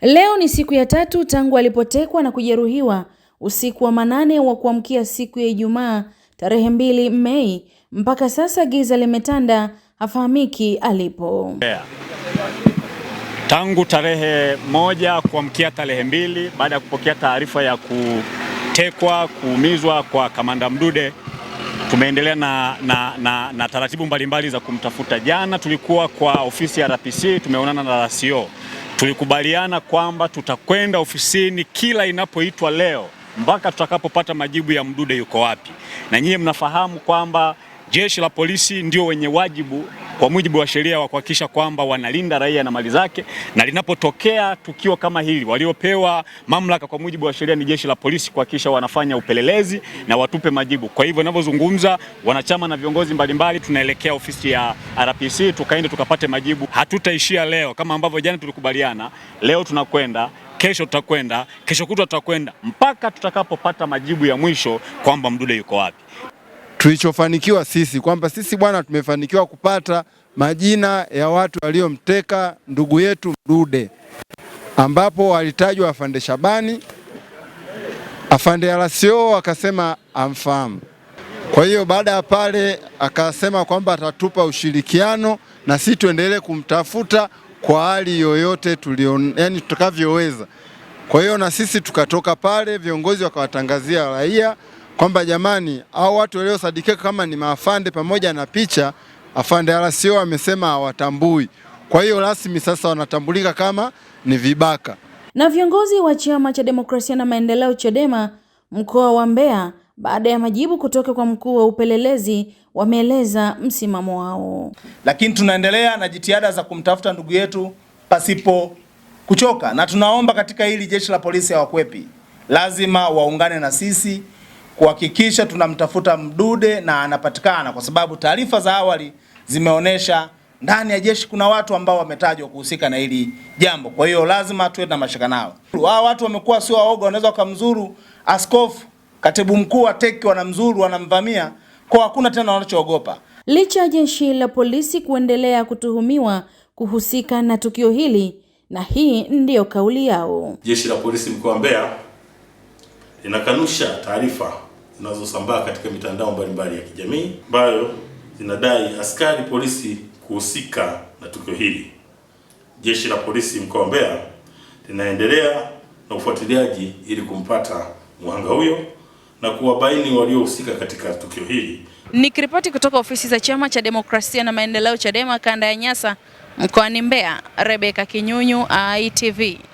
Leo ni siku ya tatu tangu alipotekwa na kujeruhiwa usiku wa manane wa kuamkia siku ya Ijumaa tarehe mbili Mei. Mpaka sasa giza limetanda, hafahamiki alipo. Yeah. Tangu tarehe moja kuamkia tarehe mbili baada ya kupokea taarifa ya kutekwa kuumizwa kwa Kamanda Mdude tumeendelea na, na, na, na taratibu mbalimbali za kumtafuta. Jana tulikuwa kwa ofisi ya RPC tumeonana na RCO Tulikubaliana kwamba tutakwenda ofisini kila inapoitwa leo mpaka tutakapopata majibu ya Mdude yuko wapi, na nyinyi mnafahamu kwamba jeshi la polisi ndio wenye wajibu kwa mujibu wa sheria wa kuhakikisha kwamba wanalinda raia na mali zake, na linapotokea tukio kama hili, waliopewa mamlaka kwa mujibu wa sheria ni jeshi la polisi kuhakikisha wanafanya upelelezi na watupe majibu. Kwa hivyo ninavyozungumza, wanachama na viongozi mbalimbali tunaelekea ofisi ya RPC tukaende tukapate majibu. Hatutaishia leo kama ambavyo jana tulikubaliana, leo tunakwenda kesho tutakwenda, kesho kutwa tutakwenda mpaka tutakapopata majibu ya mwisho kwamba Mdude yuko wapi tulichofanikiwa sisi kwamba sisi bwana, tumefanikiwa kupata majina ya watu waliomteka ndugu yetu Mdude, ambapo walitajwa afande Shabani, afande Alasio akasema amfahamu. Kwa hiyo baada ya pale akasema kwamba atatupa ushirikiano na sisi tuendelee kumtafuta kwa hali yoyote tulio, yani tutakavyoweza. Kwa hiyo na sisi tukatoka pale, viongozi wakawatangazia raia kwamba jamani, au watu waliosadikika kama ni maafande pamoja na picha, afande RCO amesema hawatambui. Kwa hiyo rasmi sasa wanatambulika kama ni vibaka. Na viongozi wa chama cha demokrasia na maendeleo Chadema mkoa wa Mbeya, baada ya majibu kutoka kwa mkuu wa upelelezi, wameeleza msimamo wao. Lakini tunaendelea na jitihada za kumtafuta ndugu yetu pasipo kuchoka, na tunaomba katika hili jeshi la polisi hawakwepi, lazima waungane na sisi kuhakikisha tunamtafuta Mdude na anapatikana, kwa sababu taarifa za awali zimeonyesha ndani ya jeshi kuna watu ambao wametajwa kuhusika na hili jambo. Kwa hiyo lazima tuwe na mashaka nao. Hao watu wamekuwa sio waoga, wanaweza wakamzuru askofu, katibu mkuu wa teki, wanamzuru, wanamvamia, kwa hakuna tena wanachoogopa. Licha ya jeshi la polisi kuendelea kutuhumiwa kuhusika na tukio hili, na hii ndiyo kauli yao. Jeshi la polisi mkoa wa Mbeya inakanusha taarifa zinazosambaa katika mitandao mbalimbali ya kijamii ambayo zinadai askari polisi kuhusika na tukio hili. Jeshi la polisi mkoa wa Mbeya linaendelea na ufuatiliaji ili kumpata mhanga huyo na kuwabaini waliohusika katika tukio hili. Nikiripoti kutoka ofisi za Chama cha Demokrasia na Maendeleo, CHADEMA, kanda ya Nyasa, mkoani Mbeya, Rebeka Kinyunyu, ITV.